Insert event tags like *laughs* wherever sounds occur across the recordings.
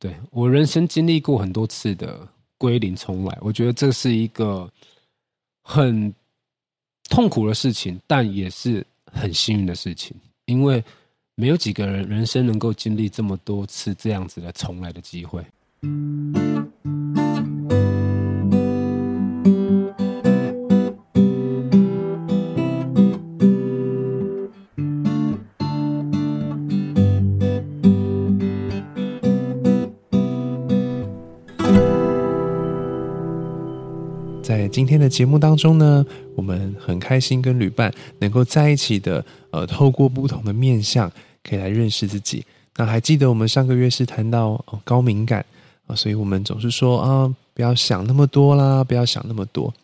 對，我人生經歷過很多次的歸零重來，我覺得這是一個很痛苦的事情，但也是很幸運的事情，因為沒有幾個人人生能夠經歷這麼多次這樣子的重來的機會。今天的節目當中呢，我們很開心跟旅伴能夠在一起的，呃，透過不同的面向可以來認識自己。那還記得我們上個月是談到、呃、高敏感啊、呃，所以我們總是說啊、呃，不要想那麼多啦，不要想那麼多。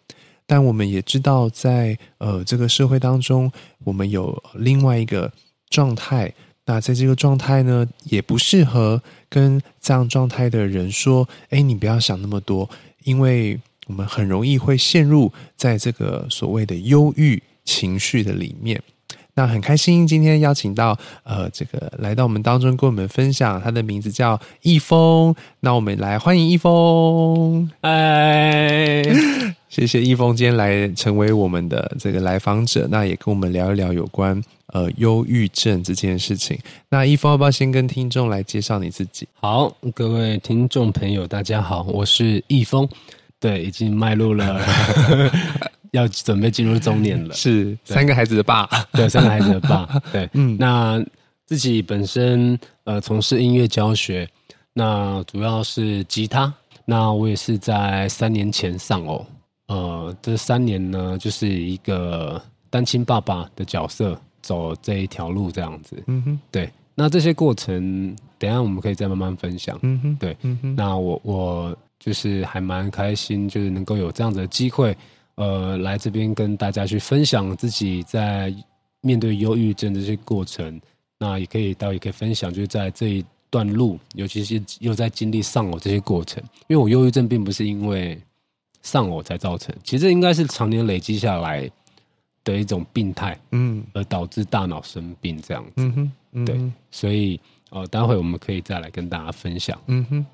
但我們也知道在，在呃這個社會當中，我們有另外一個狀態。那在這個狀態呢，也不適合跟這樣狀態的人說：“哎，你不要想那麼多，因為。”我們很容易會陷入在這個所謂的憂鬱情緒的裡面。那很開心，今天邀請到呃這個來到我們當中，跟我們分享，他的名字叫易峰。那我們來歡迎易峰，哎 Hi，謝謝易峰今天來成為我們的這個來訪者。那也跟我們聊一聊有關呃憂鬱症這件事情。那易峰要不要先跟聽眾來介紹你自己？好，各位聽眾朋友，大家好，我是易峰。對，已經邁入了， *laughs* *laughs* 要準備進入中年了。 *laughs* 是對三個孩子的爸， *laughs* 對，三個孩子的爸，對。嗯，那自己本身呃從事音樂教學，那主要是吉他。那我也是在三年前喪偶，呃，這三年呢就是一個單親爸爸的角色，走這一條路這樣子。嗯哼，對。那這些過程，等一下我們可以再慢慢分享。嗯哼，對，嗯哼。那我我。就是還蠻開心，就是能夠有這樣子的機會，呃，來這邊跟大家去分享自己在面對憂鬱症這些過程。那也可以，倒也可以分享，就是在這一段路，尤其是又在經歷喪偶這些過程。因為我憂鬱症並不是因為喪偶才造成，其實應該是常年累積下來的一種病態，嗯，而導致大腦生病這樣子。嗯哼嗯、哼對，所以哦、呃，待會我們可以再來跟大家分享。嗯哼。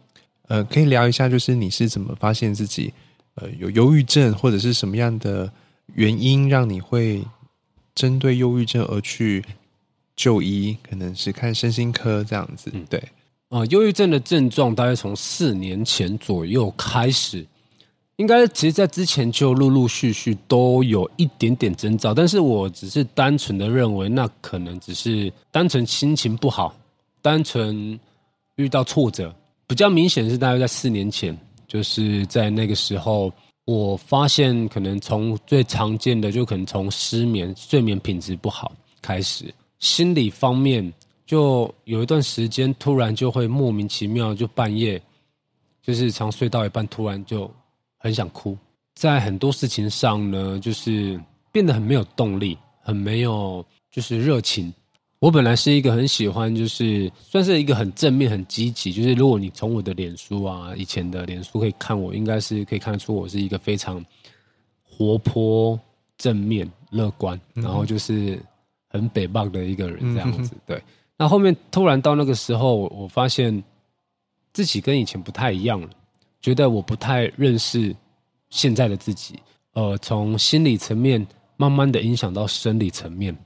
呃，可以聊一下，就是你是怎麼發現自己呃有憂鬱症，或者是什麼樣的原因讓你會針對憂鬱症而去就醫，可能是看身心科這樣子。對，啊、嗯呃，憂鬱症的症狀大概從四年前左右開始，應該其實，在之前就陸陸續續都有一點點徵兆，但是我只是單純的認為，那可能只是單純心情不好，單純遇到挫折。比較明顯是大概在四年前，就是在那個時候，我發現可能從最常見的，就可能從失眠、睡眠品質不好開始，心理方面就有一段時間突然就會莫名其妙，就半夜就是常睡到一半突然就很想哭，在很多事情上呢，就是變得很沒有動力，很沒有就是熱情。我本來是一個很喜歡，就是算是一個很正面、很積極。就是如果你從我的臉書啊，以前的臉書可以看我，應該是可以看出我是一個非常活潑、正面、樂觀，然後就是很北棒的一個人這樣子。對。那後面突然到那個時候，我發現自己跟以前不太一樣了，覺得我不太認識現在的自己。呃，從心理層面慢慢的影響到生理層面。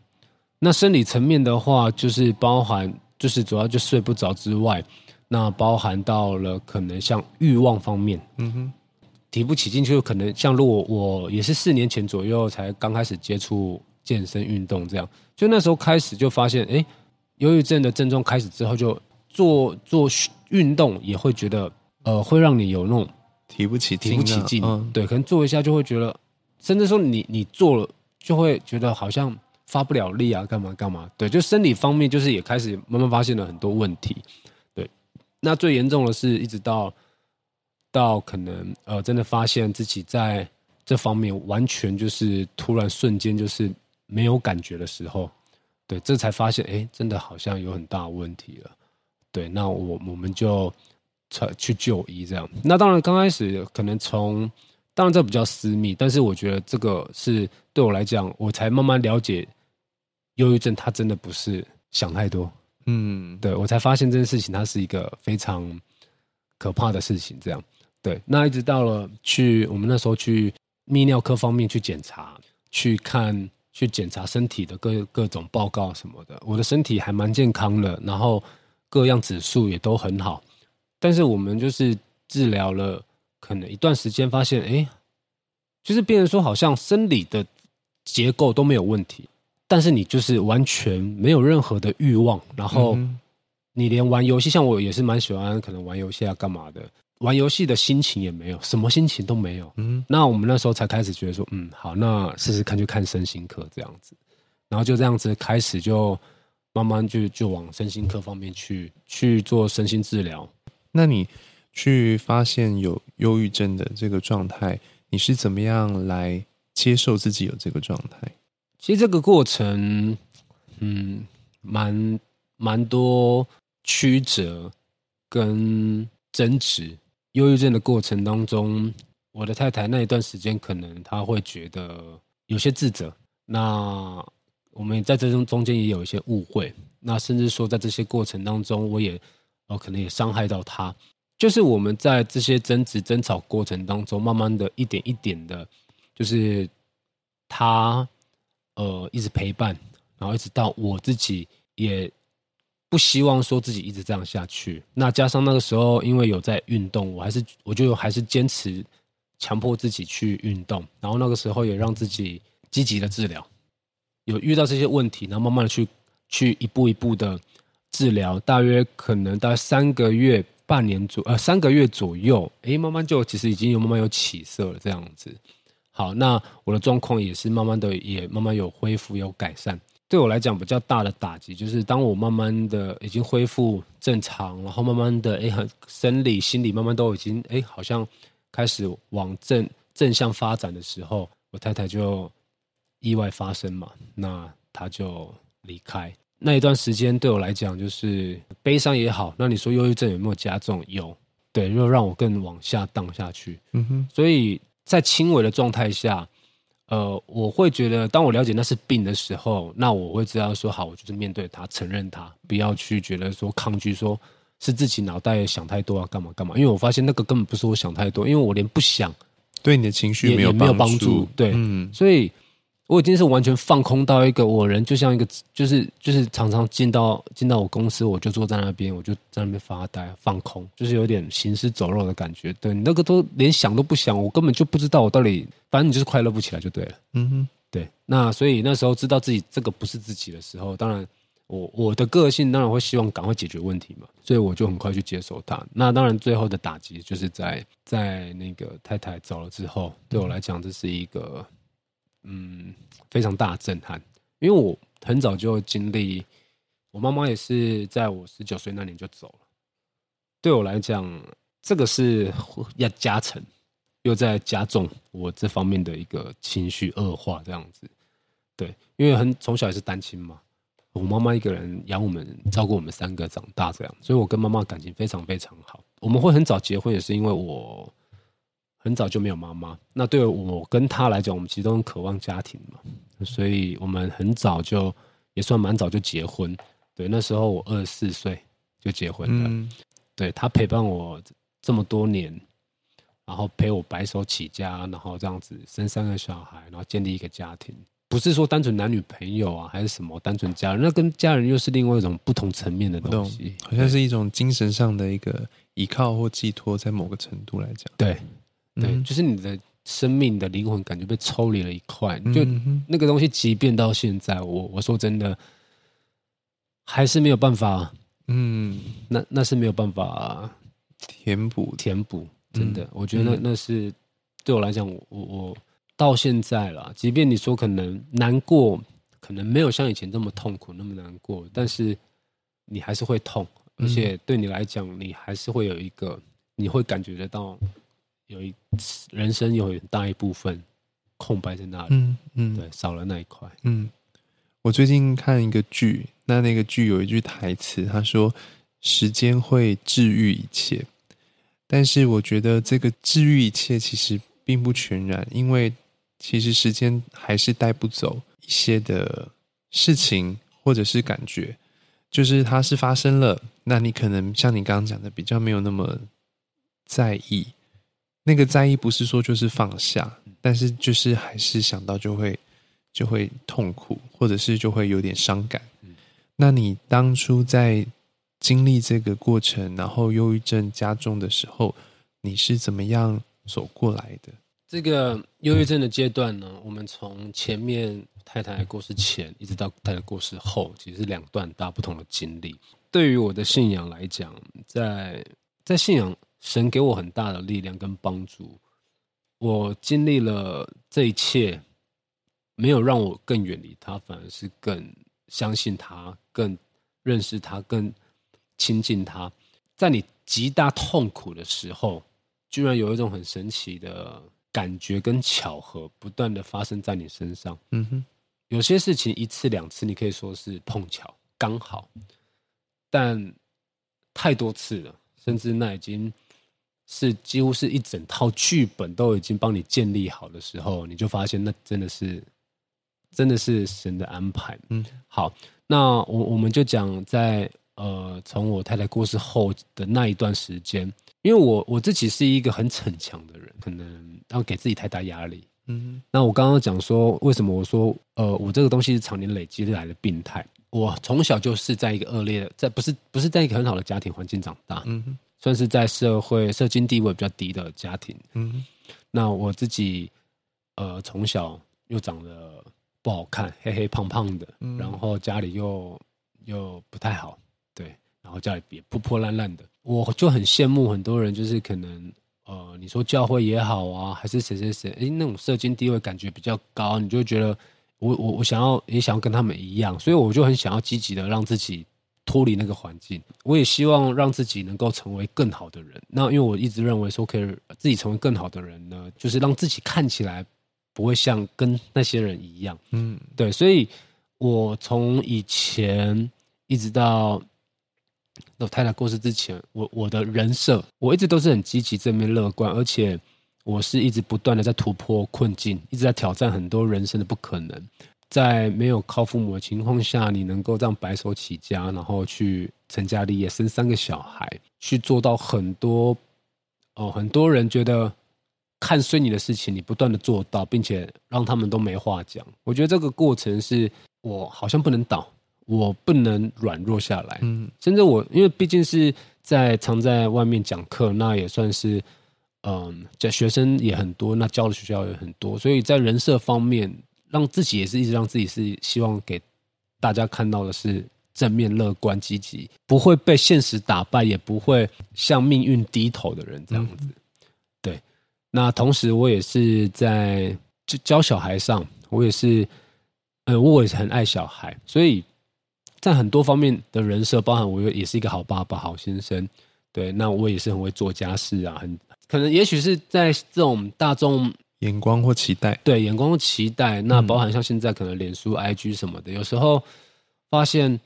那生理層面的話，就是包含，就是主要就睡不着之外，那包含到了可能像欲望方面，嗯哼，提不起勁，就可能像如果我也是四年前左右才剛開始接觸健身運動這樣，就那時候開始就發現，誒，憂鬱症的症狀開始之後，就做做運動也會覺得，呃，會讓你有那種提不起提不起勁，嗯嗯，對，可能做一下就會覺得，甚至說你你做了就會覺得好像。發不了力啊，幹嘛幹嘛？對，就生理方面，就是也開始也慢慢發現了很多問題。對，那最嚴重的是一直到到可能呃，真的發現自己在這方面完全就是突然瞬間就是沒有感覺的時候，對，這才發現哎、欸，真的好像有很大問題了。對，那我我們就去就醫這樣。那當然剛開始可能從當然這比較私密，但是我覺得這個是對我來講我才慢慢了解。憂鬱症，他真的不是想太多，嗯，對，我才發現這件事情，它是一個非常可怕的事情。這樣，對，那一直到了去我們那時候去泌尿科方面去檢查，去看去檢查身體的各各種報告什麼的，我的身體還蠻健康的，嗯、然後各樣指數也都很好，但是我們就是治療了可能一段時間，發現哎，就是變成說好像生理的結構都沒有問題。但是你就是完全沒有任何的慾望，然後你連玩遊戲，像我也是蠻喜歡，可能玩遊戲啊幹嘛的，玩遊戲的心情也沒有，什麼心情都沒有。嗯，那我們那時候才開始覺得說，嗯，好，那試試看，就看身心科這樣子，然後就這樣子開始，就慢慢就就往身心科方面去去做身心治療。那你去發現有憂鬱症的這個狀態，你是怎麼樣來接受自己有這個狀態？其實這個過程，嗯，蠻蠻多曲折跟爭執。憂鬱症的過程當中，我的太太那一段時間可能她會覺得有些自責。那我們在這中中間也有一些誤會，那甚至說在這些過程當中，我也我、哦、可能也傷害到她。就是我們在這些爭執、爭吵過程當中，慢慢的一點一點的，就是她。呃，一直陪伴，然後一直到我自己也不希望說自己一直這樣下去。那加上那個時候，因為有在運動，我還是我就還是堅持強迫自己去運動，然後那個時候也讓自己積極的治療。有遇到這些問題，然後慢慢的去去一步一步的治療，大約可能大概三個月半年左，呃，三個月左右，誒，慢慢就其實已經有慢慢有起色了，這樣子。好，那我的狀況也是慢慢的，也慢慢有恢復，有改善。對我來講，比較大的打擊就是，當我慢慢的已經恢復正常，然後慢慢的，哎，很生理、心理慢慢都已經，哎，好像開始往正正向發展的時候，我太太就意外發生嘛，那她就離開。那一段時間對我來講，就是悲傷也好。那你說憂鬱症有沒有加重？有，對，又讓我更往下蕩下去。嗯哼，所以。在輕微的狀態下，呃，我會覺得，當我了解那是病的時候，那我會知道說，好，我就是面對它，承認它，不要去覺得說抗拒，說是自己腦袋想太多啊，幹嘛幹嘛？因為我發現那個根本不是我想太多，因為我連不想，對你的情緒沒有幫助，也也沒有幫助，嗯、對，所以。我已經是完全放空到一個我人，就像一個就是就是常常進到進到我公司，我就坐在那邊，我就在那邊發呆放空，就是有點行屍走肉的感覺。對，你那個都連想都不想，我根本就不知道我到底。反正你就是快樂不起來就對了。嗯，對。那所以那時候知道自己這個不是自己的時候，當然我我的個性當然會希望趕快解決問題嘛，所以我就很快去接受它。那當然最後的打擊就是在在那個太太走了之後，對我來講這是一個。嗯，非常大的震撼，因為我很早就經歷，我媽媽也是在我十九歲那年就走了。對我來講，這個是要加成，又在加重我這方面的一個情緒惡化這樣子。對，因為很從小也是單親嘛，我媽媽一個人養我們，照顧我們三個長大這樣，所以我跟媽媽感情非常非常好。我們會很早結婚，也是因為我。很早就沒有媽媽，那對我跟她來講，我們其實都很渴望家庭嘛，所以我們很早就也算蠻早就結婚。對，那時候我二十四歲就結婚了。嗯、對她陪伴我這麼多年，然後陪我白手起家，然後這樣子生三個小孩，然後建立一個家庭，不是說單純男女朋友啊，還是什麼單純家人？那跟家人又是另外一種不同層面的東西，好像是一種精神上的一個依靠或寄托，在某個程度來講，對。對，就是你的生命的靈魂感覺被抽離了一塊，就那個東西，即便到現在，我我說真的，還是沒有辦法。嗯，那那是沒有辦法填補填補，填補。真的，嗯、我覺得那那是對我來講，我我我到現在了，即便你說可能難過，可能沒有像以前這麼痛苦那麼難過，但是你還是會痛，而且對你來講，你還是會有一個你會感覺得到。有一次人生有很大一部分空白在那裡，嗯，嗯對，少了那一塊。嗯，我最近看一個劇，那那個劇有一句台詞，他說：“時間會治癒一切。”但是我覺得這個治癒一切其實並不全然，因為其實時間還是帶不走一些的事情或者是感覺，就是它是發生了，那你可能像你剛剛講的，比較沒有那麼在意。那個在意不是說就是放下，但是就是還是想到就會就會痛苦，或者是就會有點傷感。嗯，那你當初在經歷這個過程，然後憂鬱症加重的時候，你是怎麼樣走過來的？這個憂鬱症的階段呢？嗯，我們從前面太太過世前，一直到太太過世後，其實是兩段大不同的經歷。對於我的信仰來講，在在信仰。神給我很大的力量跟幫助，我經歷了這一切，沒有讓我更遠離他，反而是更相信他，更認識他，更親近他。在你極大痛苦的時候，居然有一種很神奇的感覺跟巧合不斷的發生在你身上。嗯哼，有些事情一次兩次你可以說是碰巧、剛好，但太多次了，甚至那已經。是幾乎是一整套劇本都已經幫你建立好的時候，你就發現那真的是，真的是神的安排。嗯，好，那我我們就講在呃，從我太太過世後的那一段時間，因為我我自己是一個很逞強的人，可能會給自己太大壓力。嗯哼，那我剛剛講說為什麼我說呃，我這個東西是常年累積來的病態，我從小就是在一個惡劣，在不是不是在一個很好的家庭環境長大。嗯哼。算是在社會社經地位比較低的家庭，嗯，那我自己，呃，從小又長得不好看，黑黑胖胖的，嗯，然後家裡又又不太好，對，然後家裡也破破爛爛的，我就很羨慕很多人，就是可能，呃，你說教會也好啊，還是誰誰誰，哎，那種社經地位感覺比較高，你就覺得我我我想要也想要跟他們一樣，所以我就很想要積極的讓自己。脫離那個環境，我也希望讓自己能夠成為更好的人。那因為我一直認為說，可以自己成為更好的人呢，就是讓自己看起來不會像跟那些人一樣。嗯，對。所以我從以前一直到我太太過世之前，我我的人設我一直都是很積極、正面、樂觀，而且我是一直不斷的在突破困境，一直在挑戰很多人生的不可能。在沒有靠父母的情況下，你能夠這樣白手起家，然後去成家立業，也生三個小孩，去做到很多哦、呃，很多人覺得看衰你的事情，你不斷的做到，並且讓他們都沒話講。我覺得這個過程是我好像不能倒，我不能軟弱下來。嗯，甚至我因為畢竟是在常在外面講課，那也算是嗯，教、呃、學生也很多，那教的學校也很多，所以在人設方面。讓自己也是一直讓自己是希望給大家看到的是正面、樂觀、積極，不會被現實打敗，也不會向命運低頭的人這樣子。嗯、哼對，那同時我也是在教小孩上，我也是，呃，我也是很愛小孩，所以在很多方面的人設，包含我也是一個好爸爸、好先生。對，那我也是很會做家事啊，很可能也許是在這種大眾。眼光或期待，對眼光或期待，嗯、那包含像現在可能臉書、IG 什麼的，有時候發現，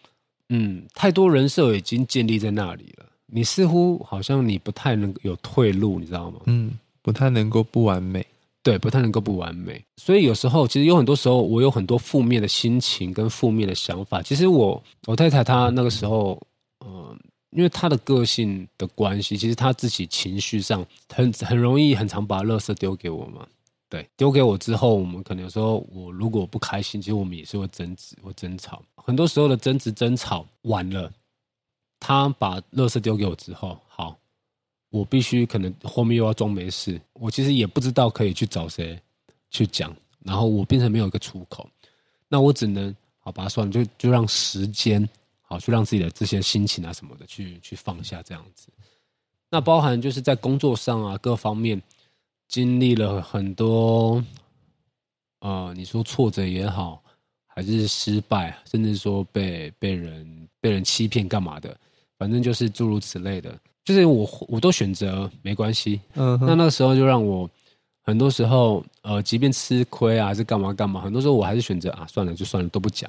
嗯，太多人設已經建立在那裡了，你似乎好像你不太能有退路，你知道嗎？嗯，不太能夠不完美，對，不太能夠不完美，所以有時候其實有很多時候，我有很多負面的心情跟負面的想法。其實我我太太她那個時候，嗯、呃，因為她的個性的關係，其實她自己情緒上很很容易很常把垃圾丟給我嘛。對，丟給我之後，我們可能有時候，我如果不開心，其實我們也是會爭執，會爭吵。很多時候的爭執、爭吵完了，他把垃圾丟給我之後，好，我必須可能後面又要裝沒事。我其實也不知道可以去找誰去講，然後我變成沒有一個出口。那我只能，好吧，把它算了，就就讓時間，好，就讓自己的這些心情啊什麼的去去放下這樣子。那包含就是在工作上啊，各方面。經歷了很多，呃，你說挫折也好，還是失敗，甚至說被被人被人欺騙幹嘛的，反正就是諸如此類的。就是我我都選擇沒關係。嗯哼，那那個時候就讓我很多時候，呃，即便吃虧啊，還是幹嘛幹嘛。很多時候我還是選擇啊，算了，就算了，都不講，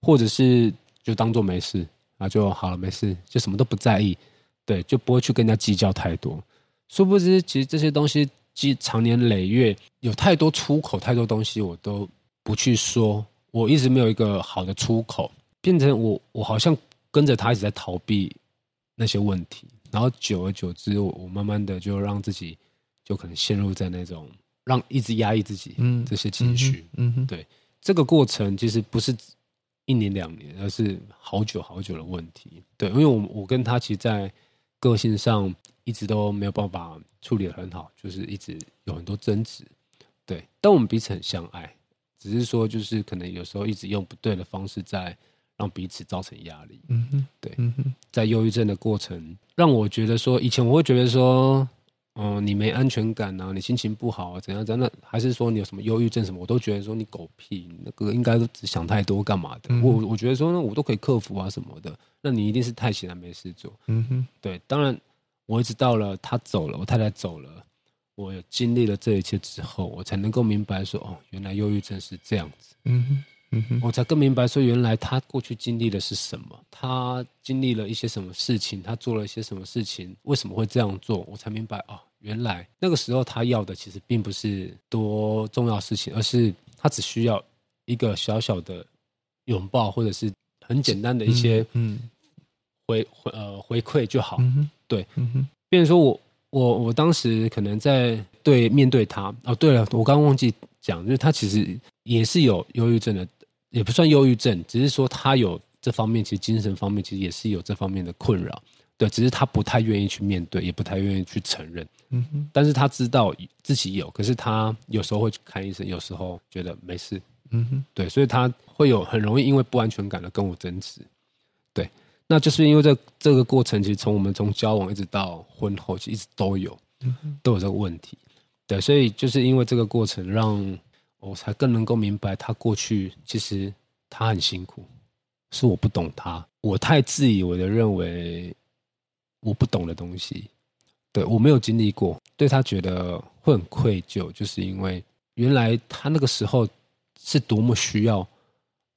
或者是就當做沒事啊，就好了，沒事，就什麼都不在意，對，就不會去跟人家計較太多。殊不知，其實這些東西。即長年累月有太多出口，太多東西我都不去說，我一直沒有一個好的出口，變成我我好像跟着他一直在逃避那些問題，然後久而久之，我，我慢慢的就讓自己就可能陷入在那種讓一直壓抑自己，嗯，這些情緒，嗯，嗯嗯對，這個過程其實不是一年兩年，而是好久好久的問題，對，因為我我跟他其實，在個性上。一直都沒有辦法,辦法處理得很好，就是一直有很多爭執，對。但我們彼此很相愛，只是說就是可能有時候一直用不對的方式在讓彼此造成壓力。嗯哼，對，嗯哼，在憂鬱症的過程，讓我覺得說，以前我會覺得說，嗯、呃，你沒安全感啊，你心情不好啊，怎樣怎樣，那還是說你有什麼憂鬱症什麼，我都覺得說你狗屁，那個應該都想太多幹嘛的。嗯哼。我我覺得說那我都可以克服啊什麼的。那你一定是太閒了沒事做。嗯哼，對，當然。我一直到了他走了，我太太走了，我經歷了這一切之後，我才能夠明白說，哦，原來憂鬱症是這樣子。嗯哼嗯哼，我才更明白說，原來他過去經歷的是什麼，他經歷了一些什麼事情，他做了一些什麼事情，為什麼會這樣做？我才明白哦，原來那個時候他要的其實並不是多重要事情，而是他只需要一個小小的擁抱，或者是很簡單的一些回嗯回回、嗯、呃回饋就好。嗯對，嗯哼，變成說我我我當時可能在對面對他，哦、喔，對了，我剛忘記講，就是他其實也是有憂鬱症的，也不算憂鬱症，只是說他有這方面，其實精神方面其實也是有這方面的困擾，對，只是他不太願意去面對，也不太願意去承認，嗯哼，但是他知道自己有，可是他有時候會去看醫生，有時候覺得沒事，嗯哼，對，所以他會有很容易因為不安全感的跟我爭執，對。那就是因為這這個過程，其實從我們從交往一直到婚後，其實一直都有，嗯、哼都有這個問題。對，所以就是因為這個過程，讓我才更能夠明白他過去其實他很辛苦，是我不懂他，我太自以為的認為我不懂的東西。對，我沒有經歷過，對他覺得會很愧疚，就是因為原來他那個時候是多麼需要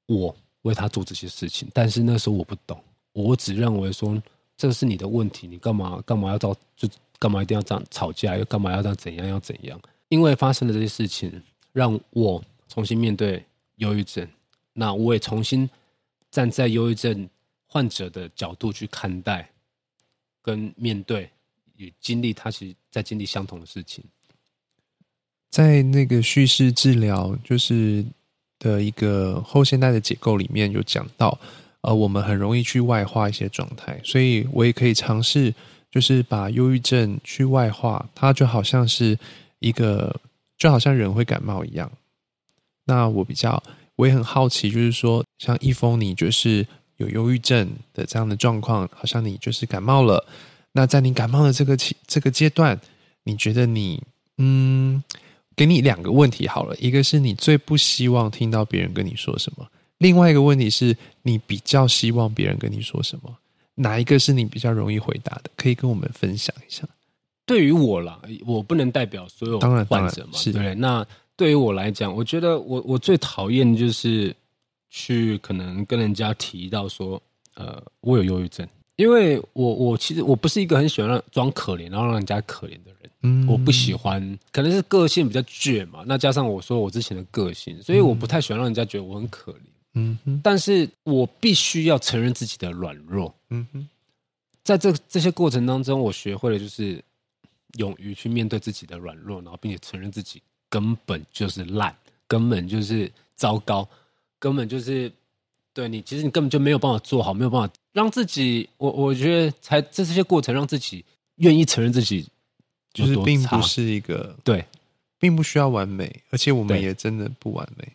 我為他做這些事情，但是那時候我不懂。我只認為說，這是你的問題，你幹嘛幹嘛要到就幹嘛一定要這樣吵架，又幹嘛要這樣怎樣，要怎樣？因為發生了這些事情，讓我重新面對憂鬱症。那我也重新站在憂鬱症患者的角度去看待跟面對也經歷，他其實在經歷相同的事情。在那個敘事治療就是的一個後現代的結構裡面有講到，呃，我們很容易去外化一些狀態，所以我也可以嘗試，就是把憂鬱症去外化，它就好像是一個，就好像人會感冒一樣。那我比較，我也很好奇，就是說，像易峰你就是有憂鬱症的這樣的狀況，好像你就是感冒了。那在你感冒的這個期這個階段，你覺得你嗯，給你兩個問題好了，一個是你最不希望聽到別人跟你說什麼。另外一個問題是，你比較希望別人跟你說什麼？哪一個是你比較容易回答的？可以跟我們分享一下。對於我啦，我不能代表所有患者嘛，是。對，那對於我來講，我覺得我我最討厭就是去可能跟人家提到說，呃，我有憂鬱症，因為我我其實我不是一個很喜歡讓裝可憐然後讓人家可憐的人，嗯，我不喜歡，可能是個性比較倔嘛。那加上我說我之前的個性，所以我不太喜歡讓人家覺得我很可憐。嗯哼，但是我必須要承認自己的軟弱。嗯哼，在這這些過程當中，我學會了就是勇於去面對自己的軟弱，然後並且承認自己根本就是爛，根本就是糟糕，根本就是對你，其實你根本就沒有辦法做好，沒有辦法讓自己。我我覺得才這這些過程讓自己願意承認自己，就是並不是一個對，並不需要完美，而且我們也真的不完美。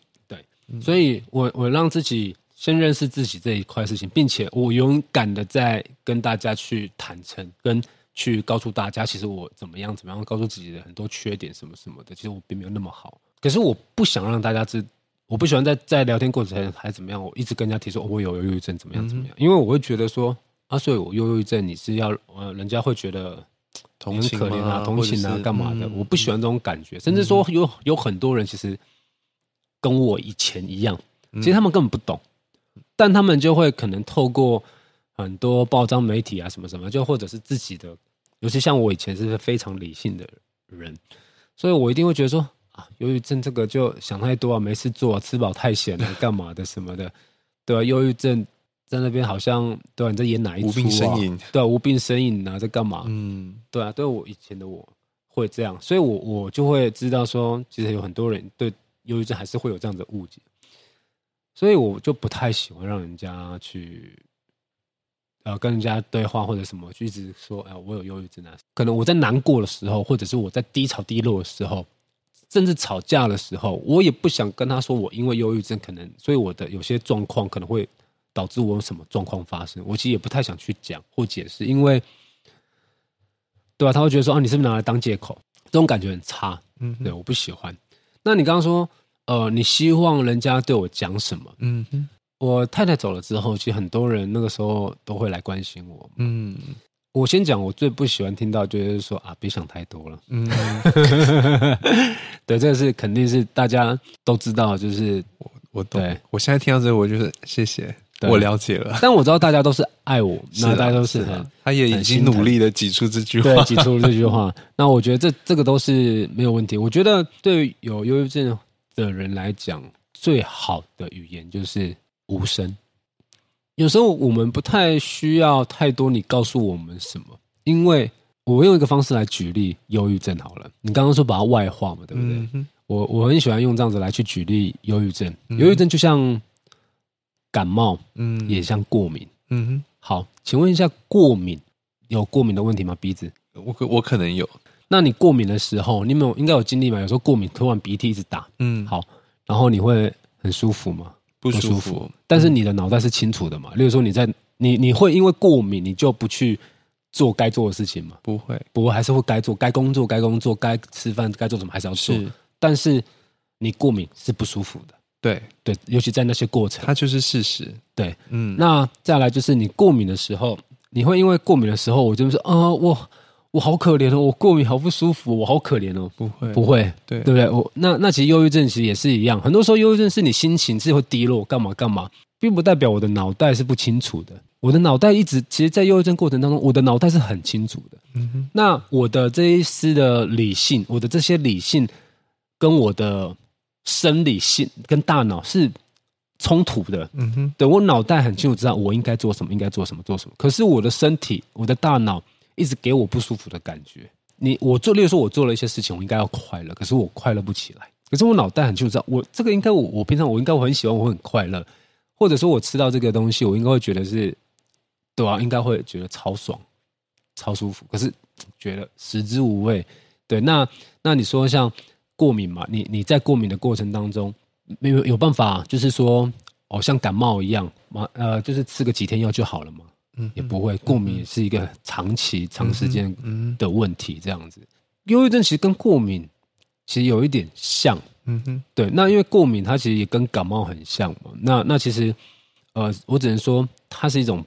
所以我我讓自己先認識自己這一塊事情，並且我勇敢的在跟大家去坦誠，跟去告訴大家，其實我怎麼樣怎麼樣，告訴自己的很多缺點什麼什麼的，其實我並沒有那麼好。可是我不想讓大家知，我不喜歡在在聊天過程中還怎麼樣，我一直跟人家提出、哦、我有憂鬱症，怎麼樣怎麼樣，嗯、哼因為我會覺得說啊，所以我憂鬱症，你是要呃，人家會覺得很可憐啊，同情啊，幹嘛的？嗯、哼我不喜歡這種感覺，甚至說有有很多人其實。跟我以前一樣，其實他們根本不懂，嗯、但他們就會可能透過很多報章媒體啊，什麼什麼，就或者是自己的，尤其像我以前是非常理性的人，所以我一定會覺得說啊，憂鬱症這個就想太多啊，沒事做啊，吃飽太閒啊，幹嘛的什麼的，對啊，憂鬱症在那邊好像對啊，你在演哪一齣啊？無病呻吟，對啊，無病呻吟啊，在幹嘛？嗯，對啊，對我以前的我會這樣，所以我我就會知道說，其實有很多人對。憂鬱症還是會有這樣的誤解，所以我就不太喜歡讓人家去，呃，跟人家對話或者什麼，就一直說，哎，我有憂鬱症啊。可能我在難過的時候，或者是我在低潮低落的時候，甚至吵架的時候，我也不想跟他說我因為憂鬱症，可能所以我的有些狀況可能會導致我有什麼狀況發生。我其實也不太想去講或解釋，因為，對吧，啊？他會覺得說，啊，你是不是拿來當借口？這種感覺很差，嗯哼，嗯，對，我不喜歡。那你剛剛說，呃，你希望人家對我講什麼？嗯嗯哼，我太太走了之後，其實很多人那個時候都會來關心我。嗯，我先講，我最不喜歡聽到就是說啊，別想太多了。嗯， *laughs* *laughs* 對，這是肯定是大家都知道，就是我，我懂。對我現在聽到之後，我就是謝謝。對我了解了，但我知道大家都是愛我，啊、那大家都是他、啊、他也已經努力的擠出這句話，擠出這句話。 *laughs* 那我覺得這這個都是沒有問題。我覺得對有憂鬱症的人來講，最好的語言就是無聲。有時候我們不太需要太多你告訴我們什麼，因為我用一個方式來舉例，憂鬱症好了。你剛剛說把它外化嘛，對不對？嗯、哼我我很喜歡用這樣子來去舉例憂鬱症，憂鬱症就像。感冒，嗯，也像過敏，嗯，嗯哼。好，請問一下，過敏有過敏的問題嗎？鼻子？我可我可能有。那你過敏的時候，你們應有應該有經歷嗎？有時候過敏，突然鼻涕一直打，嗯，好。然後你會很舒服嗎？不舒服。舒服。嗯，但是你的腦袋是清楚的嘛？例如說你在你你會因為過敏，你就不去做該做的事情嗎？不會，不會，還是會該做該工作該工作該吃飯該做什麼還是要做。是。但是你過敏是不舒服的。對對，尤其在那些過程，它就是事實。對，嗯，那再來就是你過敏的時候，你會因為過敏的時候，我就是，啊，我我好可憐哦，我過敏好不舒服，我好可憐哦，不會不會，不會對對不對？我那那其實憂鬱症其實也是一樣，很多時候憂鬱症是你心情是會低落，幹嘛幹嘛，並不代表我的腦袋是不清楚的，我的腦袋一直其實，在憂鬱症過程當中，我的腦袋是很清楚的。嗯哼，那我的這一絲的理性，我的這些理性跟我的。生理性跟大腦是衝突的。嗯哼，對，我腦袋很清楚知道我應該做什麼，應該做什麼，做什麼。可是我的身體，我的大腦一直給我不舒服的感覺。你我做，例如說，我做了一些事情，我應該要快樂，可是我快樂不起來。可是我腦袋很清楚知道，我這個應該我我平常我應該我很喜歡，我很快樂，或者說我吃到這個東西，我應該會覺得是，對啊，應該會覺得超爽、超舒服。可是覺得食之無味。對，那那你說像。過敏嘛，你你在過敏的過程當中，沒有有辦法，就是說，哦，像感冒一樣嘛，呃，就是吃個幾天藥就好了嘛，嗯，也不會，過敏是一個長期長時間的問題，這樣子。憂鬱症其實跟過敏其實有一點像，嗯哼，對，那因為過敏它其實也跟感冒很像嘛，那那其實，呃，我只能說它是一種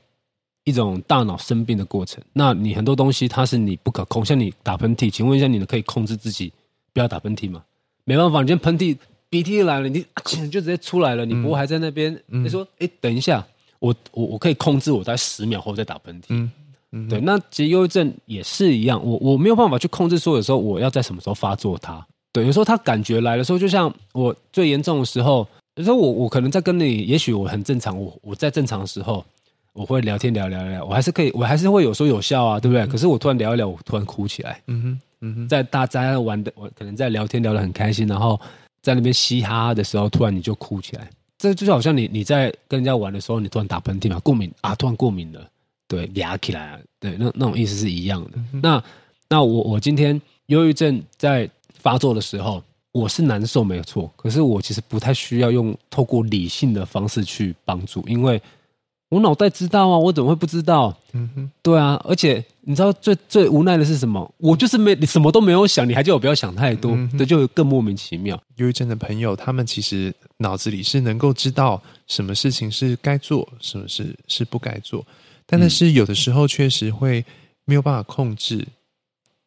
一種大腦生病的過程。那你很多東西它是你不可控，像你打噴嚏，請問一下，你呢可以控制自己？不要打噴嚏嘛，沒辦法，你今天噴嚏、鼻涕來了，你、啊、就直接出來了。你不會還在那邊。嗯嗯、你說，誒、欸，等一下，我我我可以控制我在十秒後再打噴嚏。嗯嗯、對，那其實憂鬱症也是一樣，我我沒有辦法去控制說，有時候我要在什麼時候發作它。對，有時候它感覺來的時候，就像我最嚴重的時候，有時候我我可能在跟你，也許我很正常，我我在正常的時候，我會聊天聊聊聊，我還是可以，我還是會有說有笑啊，對不對？嗯、哼可是我突然聊一聊，我突然哭起來。嗯哼。在大家玩的，我可能在聊天聊得很開心，然後在那邊嘻嘻哈哈的時候，突然你就哭起來，這就是好像你你在跟人家玩的時候，你突然打噴嚏嘛，過敏啊，突然過敏了，對，癢起來，對，那那種意思是一樣的。嗯、哼那那我我今天憂鬱症在發作的時候，我是難受沒有錯，可是我其實不太需要用透過理性的方式去幫助，因為。我腦袋知道啊，我怎麼會不知道？嗯、哼對啊，而且你知道最最無奈的是什麼？我就是沒，你什麼都沒有想，你還叫我不要想太多，這、嗯、哼就更莫名其妙。憂鬱症的朋友，他們其實腦子裡是能夠知道什麼事情是該做，什麼事是不該做，但是有的時候確實會沒有辦法控制。嗯、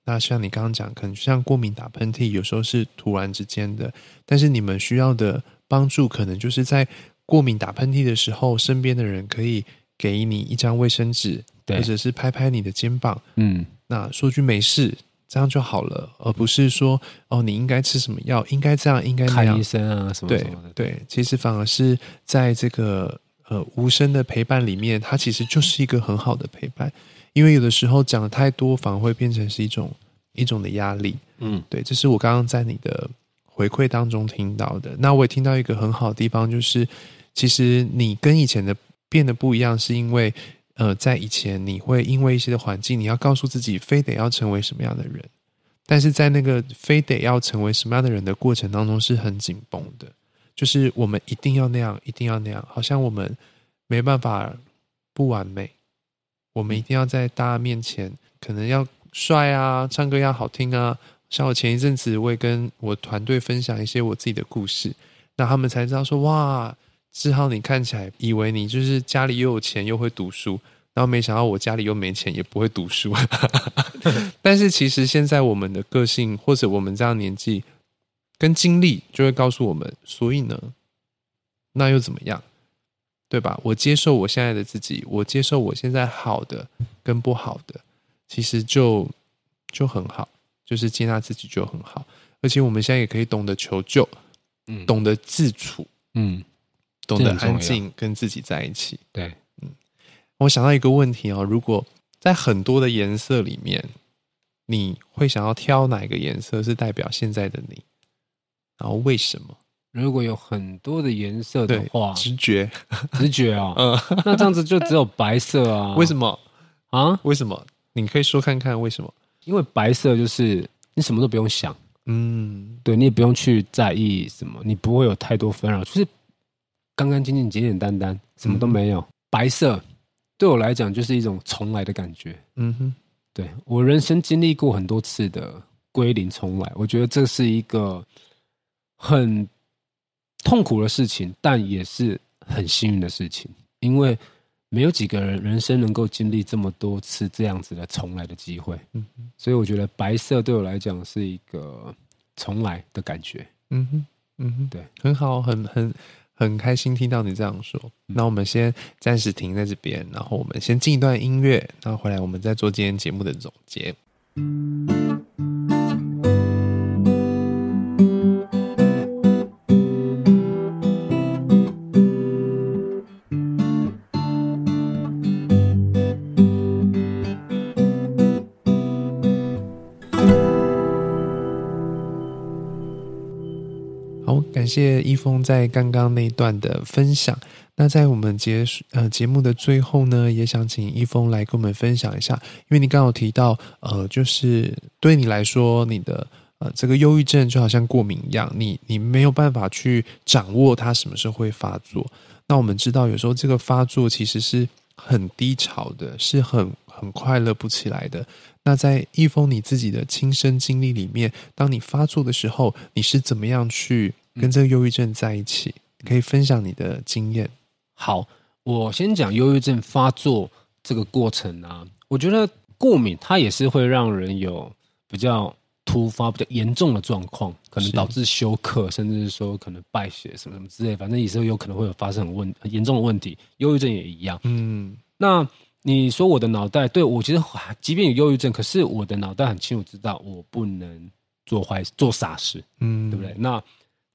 那像你剛剛講，可能就像過敏打噴嚏，有時候是突然之間的，但是你們需要的幫助，可能就是在。過敏打噴嚏的時候，身邊的人可以給你一張衛生紙，對，或者是拍拍你的肩膀，嗯，那說句沒事，這樣就好了，嗯，而不是說哦，你應該吃什麼藥，應該這樣，應該看醫生啊，什麼什麼的。對，對，其實反而是在這個呃無聲的陪伴裡面，它其實就是一個很好的陪伴，因為有的時候講的太多，反而會變成是一種一種的壓力。嗯，對，這是我剛剛在你的回饋當中聽到的。那我也聽到一個很好的地方就是。其實你跟以前的變得不一樣，是因為呃，在以前你會因為一些的環境，你要告訴自己非得要成為什麼樣的人，但是在那個非得要成為什麼樣的人的過程當中是很緊繃的，就是我們一定要那樣，一定要那樣，好像我們沒辦法不完美，我們一定要在大家面前可能要帥啊，唱歌要好聽啊。像我前一陣子我也跟我團隊分享一些我自己的故事，那他們才知道說哇。志浩，你看起來以為你就是家裡又有錢又會讀書，然後沒想到我家裡又沒錢也不會讀書。 *laughs* 但是其實現在我們的個性或者我們這樣的年紀跟經歷就會告訴我們，所以呢，那又怎麼樣？對吧？我接受我現在的自己，我接受我現在好的跟不好的，其實就就很好，就是接納自己就很好。而且我們現在也可以懂得求救，懂得自處，嗯。嗯懂得安靜跟自己在一起。對，嗯，我想到一個問題哦，如果在很多的顏色裡面，你會想要挑哪個顏色是代表現在的你？然後為什麼？如果有很多的顏色的話，直覺，直覺啊、哦，嗯， *laughs* 那這樣子就只有白色啊？為什麼？啊？為什麼？你可以說看看為什麼？因為白色就是你什麼都不用想，嗯，對，你也不用去在意什麼，你不會有太多紛擾、啊，就是。乾乾淨淨、簡簡單單，什麼都沒有。嗯哼，白色對我來講就是一種重來的感覺。嗯哼，對，我人生經歷過很多次的歸零重來，我覺得這是一個很痛苦的事情，但也是很幸運的事情，因為沒有幾個人人生能夠經歷這麼多次這樣子的重來的機會。嗯哼，所以我覺得白色對我來講是一個重來的感覺。嗯哼，嗯哼，對，很好，很很。很開心聽到你這樣說，那我們先暫時停在這邊，然後我們先進一段音樂，然後回來我們再做今天節目的總結。謝謝一峰在剛剛那一段的分享。那在我們結束呃節目的最後呢，也想請一峰來跟我們分享一下，因為你剛好提到，呃，就是對你來說，你的呃這個憂鬱症就好像過敏一樣，你你沒有辦法去掌握它什麼時候會發作。那我們知道，有時候這個發作其實是很低潮的，是很很快樂不起來的。那在一峰你自己的親身經歷裡面，當你發作的時候，你是怎麼樣去跟這個憂鬱症在一起，可以分享你的經驗？好，我先講憂鬱症發作這個過程啊。我覺得過敏它也是會讓人有比較突發、比較嚴重的狀況，可能導致休克，是甚至是說可能敗血什麼什麼之類，反正也是有可能會有發生很問、很嚴重的問題。憂鬱症也一樣。嗯，那你說我的腦袋，對，我其實即便有憂鬱症，可是我的腦袋很清楚知道，我不能做壞事、做傻事。嗯，對不對？那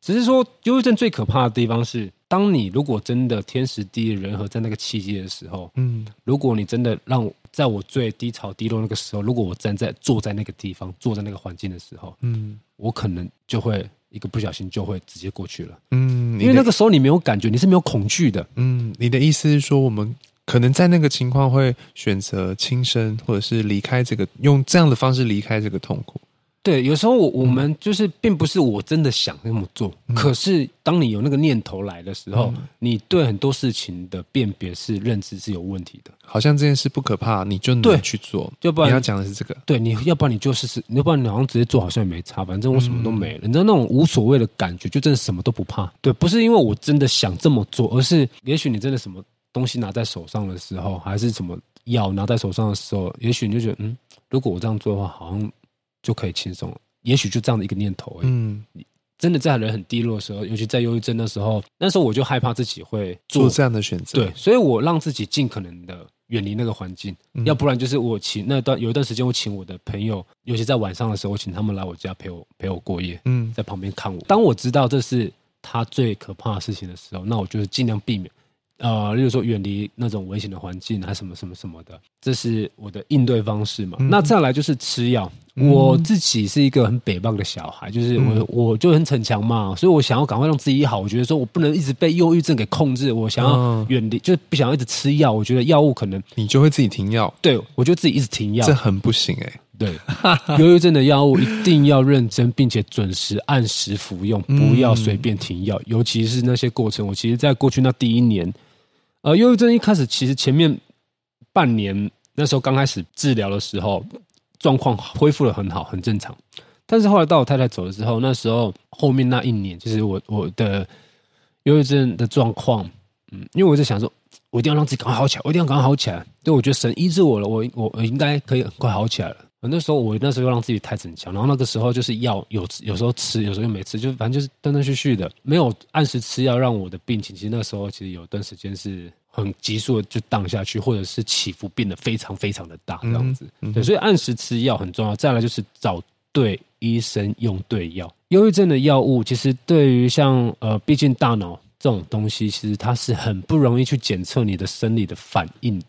只是說，憂鬱症最可怕的地方是，當你如果真的天時地利人和在那個契機的時候，嗯，如果你真的讓我在我最低潮低落那個時候，如果我站在坐在那個地方，坐在那個環境的時候，嗯，我可能就會一個不小心就會直接過去了，嗯，因為那個時候你沒有感覺，你是沒有恐懼的，嗯，你的意思是說，我們可能在那個情況會選擇輕生，或者是離開這個，用這樣的方式離開這個痛苦。對，有時候我，嗯、我們就是並不是我真的想那麼做，嗯、可是當你有那個念頭來的時候，嗯、你對很多事情的辨別是認知是有問題的，好像這件事不可怕，你就能去做，要不然你要講的是這個，對，你要不然你就試試，你要不然你好像直接做好像也沒差，反正我什麼都沒了，嗯、你知道那種無所謂的感覺，就真的什麼都不怕。對，不是因為我真的想這麼做，而是也許你真的什麼東西拿在手上的時候，還是什麼藥拿在手上的時候，也許你就覺得，嗯，如果我這樣做的話，好像。就可以輕鬆了。也許就這樣的一個念頭而已。嗯，真的在人很低落的時候，尤其在憂鬱症的時候，那時候我就害怕自己會做,做這樣的選擇。對，所以我讓自己儘可能的遠離那個環境，嗯，要不然就是我請那段有一段時間我請我的朋友，尤其在晚上的時候，我請他們來我家陪我陪我過夜。嗯，在旁邊看我。當我知道這是他最可怕的事情的時候，那我就是儘量避免。呃，例如說遠離那種危險的環境，啊，還什麼什麼什麼的，這是我的應對方式嘛？嗯、那再來就是吃藥。嗯、我自己是一個很北方的小孩，就是我我就很逞強嘛，所以我想要趕快讓自己好。我覺得說我不能一直被憂鬱症給控制，我想要遠離，嗯、就是不想要一直吃藥。我覺得藥物可能你就會自己停藥，對，我就自己一直停藥，這很不行哎、欸。對， *laughs* 憂鬱症的藥物一定要認真並且準時按時服用，不要隨便停藥，嗯、尤其是那些過程。我其實，在過去那第一年。呃，憂鬱症一開始其實前面半年，那時候剛開始治療的時候，狀況恢復的很好，很正常。但是後來到我太太走了之後，那時候後面那一年，就是我我的憂鬱症的狀況，嗯，因為我在想說，我一定要讓自己趕快好起來，我一定要趕快好起來。就我覺得神醫治我了，我我我應該可以很快好起來了。那時候，我那時候讓自己太逞強，然後那個時候就是藥有有時候吃，有時候又沒吃，就反正就是斷斷續續的，沒有按時吃藥，讓我的病情其實那時候其實有一段時間是很急速的就蕩下去，或者是起伏變得非常非常的大這樣子。嗯嗯嗯，對，所以按時吃藥很重要。再來就是找對醫生，用對藥。憂鬱症的藥物其實對於像呃，畢竟大腦這種東西，其實它是很不容易去檢測你的生理的反應，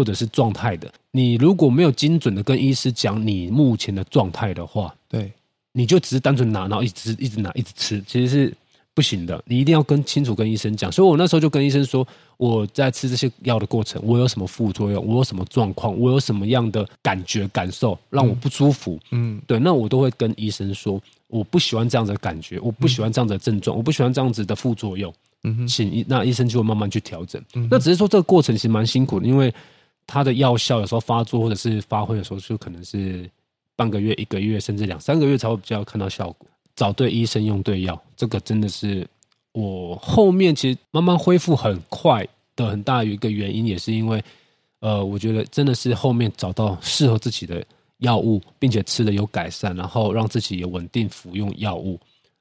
或者是狀態的，你如果沒有精準的跟醫師講你目前的狀態的話，對，你就只是單純拿，然後一直一直拿，一直吃，其實是不行的。你一定要跟清楚跟醫生講。所以我那時候就跟醫生說，我在吃這些藥的過程，我有什麼副作用，我有什麼狀況，我有什麼樣的感覺感受讓我不舒服，嗯，對，那我都會跟醫生說，我不喜歡這樣子的感覺，我不喜歡這樣子的症狀，我不喜歡這樣子的副作用。嗯哼，請醫那醫生就會慢慢去調整。那只是說這個過程其實蠻辛苦的，因為它的藥效有時候發作或者是發揮的時候，就可能是半個月、一個月，甚至兩三個月才會比較看到效果。找對醫生用對藥，這個真的是我後面其實慢慢恢復很快的很大一個原因，也是因為呃，我覺得真的是後面找到適合自己的藥物，並且吃了有改善，然後讓自己也穩定服用藥物，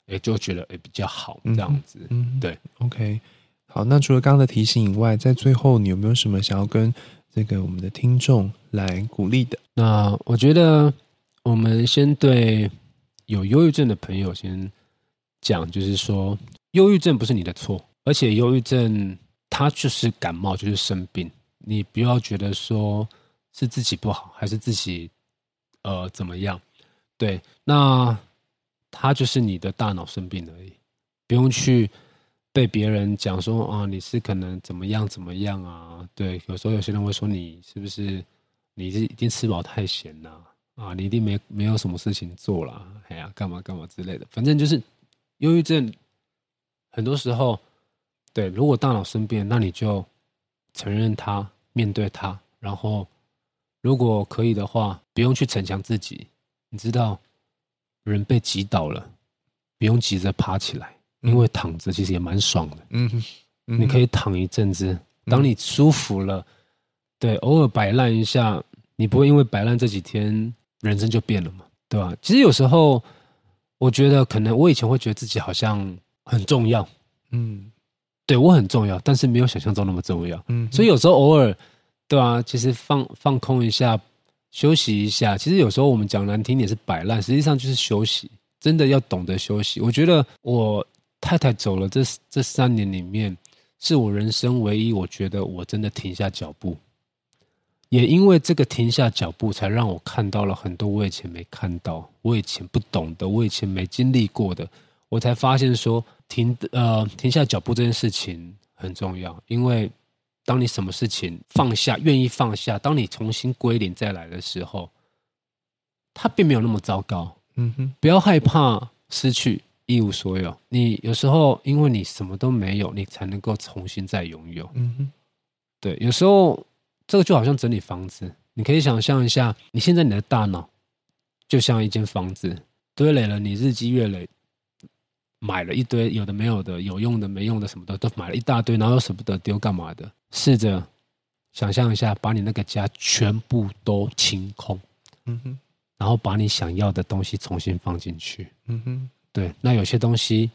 欸，也就覺得哎、欸、比較好這樣子嗯。嗯，嗯對，OK，好。那除了剛剛的提醒以外，在最後你有沒有什麼想要跟這個我們的聽眾來鼓勵的？那我覺得，我們先對有憂鬱症的朋友先講，就是說，憂鬱症不是你的錯，而且憂鬱症它就是感冒，就是生病，你不要覺得說是自己不好，還是自己呃怎麼樣？對，那它就是你的大腦生病而已，不用去。被別人講說啊，你是可能怎麼樣怎麼樣啊？對，有時候有些人會說你是不是你是一定吃飽太閒了啊，啊？你一定沒沒有什麼事情做了，哎呀、啊，幹嘛幹嘛之類的。反正就是憂鬱症，很多時候，對，如果大腦生病，那你就承認它，面對它，然後如果可以的話，不用去逞強自己。你知道，人被擊倒了，不用急着爬起來。因為躺着其實也蠻爽的，嗯，你可以躺一陣子，當你舒服了，對，偶爾擺爛一下，你不會因為擺爛這幾天人生就變了嘛，對吧？其實有時候我覺得，可能我以前會覺得自己好像很重要，嗯，對我很重要，但是沒有想象中那麼重要，嗯，所以有時候偶爾，對啊？其實放放空一下，休息一下，其實有時候我們講難聽點是擺爛，實際上就是休息，真的要懂得休息。我覺得我。太太走了這，這這三年裡面，是我人生唯一我覺得我真的停下腳步，也因為這個停下腳步，才讓我看到了很多我以前沒看到、我以前不懂的、我以前沒經歷過的，我才發現說停，呃，停下腳步這件事情很重要，因為當你什麼事情放下，願意放下，當你重新歸零再來的時候，它並沒有那麼糟糕。嗯哼，不要害怕失去。一無所有，你有時候因為你什麼都沒有，你才能夠重新再擁有。嗯哼，對，有時候這個就好像整理房子，你可以想象一下，你現在你的大腦就像一間房子，堆壘了，你日積月累買了一堆有的沒有的，有用的沒用的什麼的都買了一大堆，然後又捨不得丟，幹嘛的？試着想象一下，把你那個家全部都清空，嗯哼，然後把你想要的東西重新放進去，嗯對，那有些東西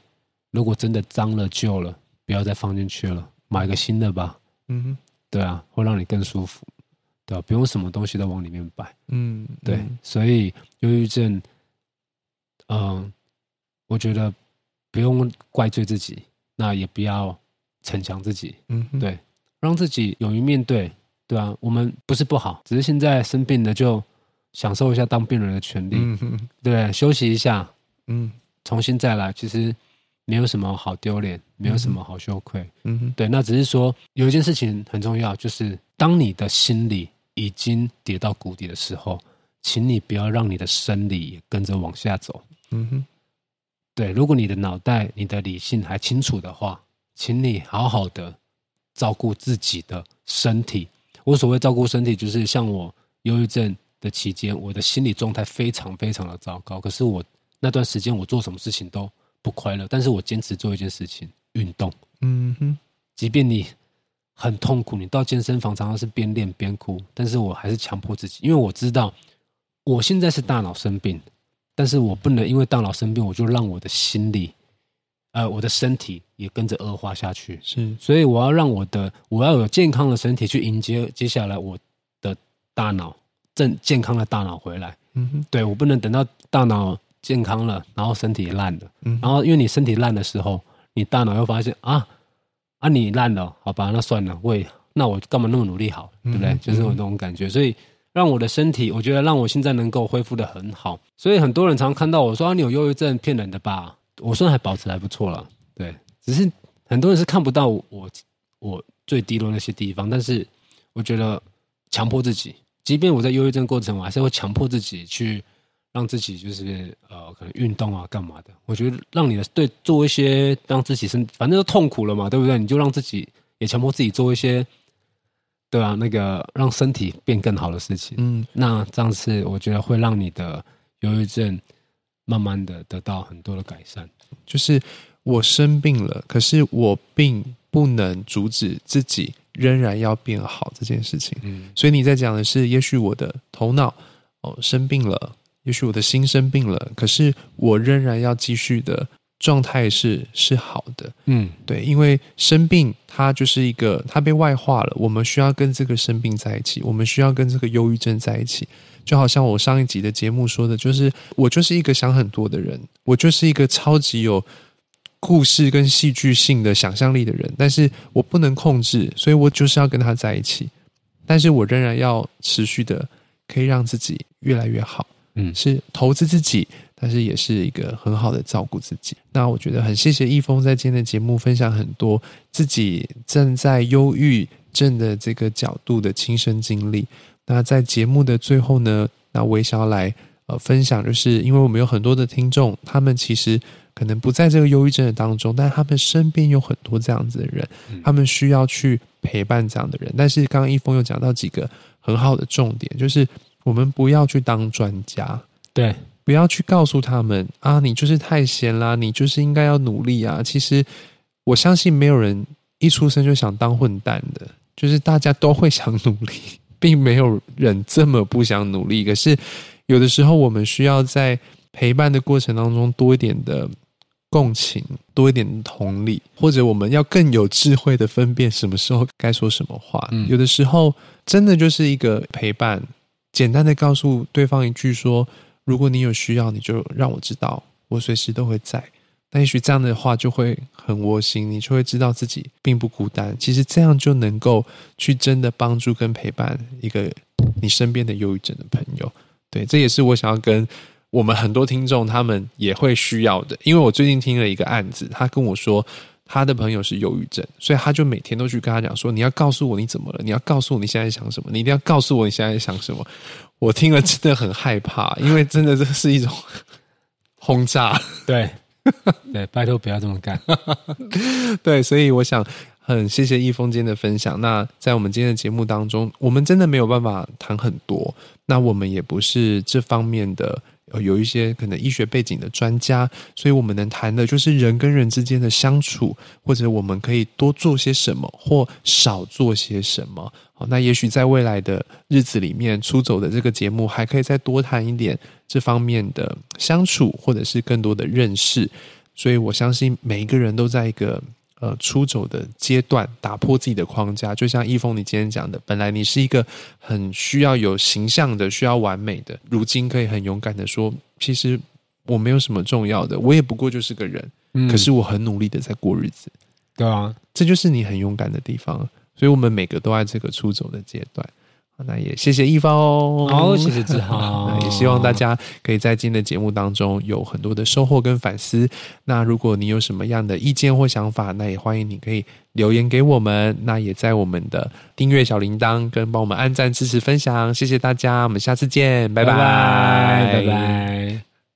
如果真的髒了、舊了，不要再放進去了，買個新的吧。嗯哼，對啊，會讓你更舒服。對啊，不用什麼東西都往裡面擺。嗯，對。嗯、哼所以憂鬱症，嗯、呃，我覺得不用怪罪自己，那也不要逞強自己。嗯哼，對，讓自己勇於面對。對啊，我們不是不好，只是現在生病了，就享受一下當病人的權利。嗯哼，對啊，休息一下。嗯。重新再來，其實沒有什麼好丟臉，沒有什麼好羞愧。嗯哼，對，那只是說有一件事情很重要，就是當你的心理已經跌到谷底的時候，請你不要讓你的生理也跟着往下走。嗯哼，對，如果你的腦袋、你的理性還清楚的話，請你好好的照顧自己的身體。我所謂照顧身體，就是像我憂鬱症的期間，我的心理狀態非常非常的糟糕，可是我。那段時間我做什麼事情都不快樂，但是我堅持做一件事情，運動。嗯哼，即便你很痛苦，你到健身房常常是邊練邊哭，但是我還是強迫自己，因為我知道我現在是大腦生病，但是我不能因為大腦生病，我就讓我的心理，呃，我的身體也跟着惡化下去。是，所以我要讓我的，我要有健康的身體去迎接接下來我的大腦，正健康的大腦回來。嗯哼，對，我不能等到大腦。健康了，然後身體爛了，然後因為你身體爛的時候，你大腦又發現啊啊你爛了，好吧，那算了，喂，那我幹嘛那麼努力好，對不對？嗯、就是我那種感覺，嗯、所以讓我的身體，我覺得讓我現在能夠恢復得很好。所以很多人常常看到我說、啊、你有憂鬱症，騙人的吧？我雖然還保持還不錯了，對，只是很多人是看不到我我最低落那些地方。但是我覺得強迫自己，即便我在憂鬱症過程，我還是會強迫自己去。讓自己就是呃，可能運動啊，幹嘛的，我覺得讓你的對，做一些讓自己身，反正都痛苦了嘛，對不對？你就讓自己也強迫自己做一些，對啊，那個讓身體變更好的事情。嗯，那這樣子，我覺得會讓你的憂鬱症慢慢的得到很多的改善。就是我生病了，可是我並不能阻止自己仍然要變好這件事情。嗯，所以你在講的是，也許我的頭腦哦生病了。也許我的心生病了，可是我仍然要繼續的狀態是是好的。嗯，對，因為生病它就是一個，它被外化了。我們需要跟這個生病在一起，我們需要跟這個憂鬱症在一起。就好像我上一集的節目說的就是，我就是一個想很多的人，我就是一個超級有故事跟戲劇性的想象力的人，但是我不能控制，所以我就是要跟他在一起，但是我仍然要持續的可以讓自己越來越好。嗯，是投資自己，但是也是一個很好的照顧自己。那我覺得很謝謝易峰在今天的節目分享很多自己正在憂鬱症的這個角度的親身經歷。那在節目的最後呢，那我也想要來呃分享，就是因為我們有很多的聽眾，他們其實可能不在這個憂鬱症的當中，但他們身邊有很多這樣子的人，他們需要去陪伴這樣的人。但是剛剛易峰又講到幾個很好的重點，就是。我們不要去當專家，對，不要去告訴他們啊，你就是太閒啦，你就是應該要努力啊。其實我相信沒有人一出生就想當混蛋的，就是大家都會想努力，並沒有人這麼不想努力。可是有的時候，我們需要在陪伴的過程當中多一點的共情，多一點的同理，或者我們要更有智慧的分辨什麼時候該說什麼話。嗯、有的時候，真的就是一個陪伴。簡單的告訴對方一句說：“如果你有需要，你就讓我知道，我隨時都會在。”但也許這樣的話就會很窩心，你就會知道自己並不孤單。其實這樣就能夠去真的幫助跟陪伴一個你身邊的憂鬱症的朋友。對，這也是我想要跟我們很多聽眾他們也會需要的。因為我最近聽了一個案子，他跟我說，他的朋友是憂鬱症，所以他就每天都去跟他講說：“你要告訴我你怎麼了，你要告訴我你現在想什麼，你一定要告訴我你現在想什麼。”我聽了真的很害怕，因為真的這是一種轟炸。對，對，拜託不要這麼幹。 *laughs* 對，所以我想很謝謝易峰今天的分享。那在我們今天的節目當中，我們真的沒有辦法談很多，那我們也不是這方面的。有一些可能醫學背景的專家，所以我們能談的就是人跟人之間的相處，或者我們可以多做些什麼，或少做些什麼。好，那也許在未來的日子裡面，出走的這個節目還可以再多談一點這方面的相處，或者是更多的認識。所以我相信每一個人都在一個。呃，出走的階段，打破自己的框架，就像易峰你今天講的，本來你是一個很需要有形象的、需要完美的，如今可以很勇敢的說，其實我沒有什麼重要的，我也不過就是個人，嗯、可是我很努力的在過日子，對啊、嗯，這就是你很勇敢的地方，所以我們每個都在這個出走的階段。那也謝謝一方哦，好，謝謝志豪。 *laughs* 那也希望大家可以在今天的節目當中有很多的收穫跟反思。那如果你有什麼樣的意見或想法，那也歡迎你可以留言給我們。那也在我們的訂閱小鈴鐺跟幫我們按讚、支持、分享，謝謝大家，我們下次見，拜拜，拜拜。拜拜。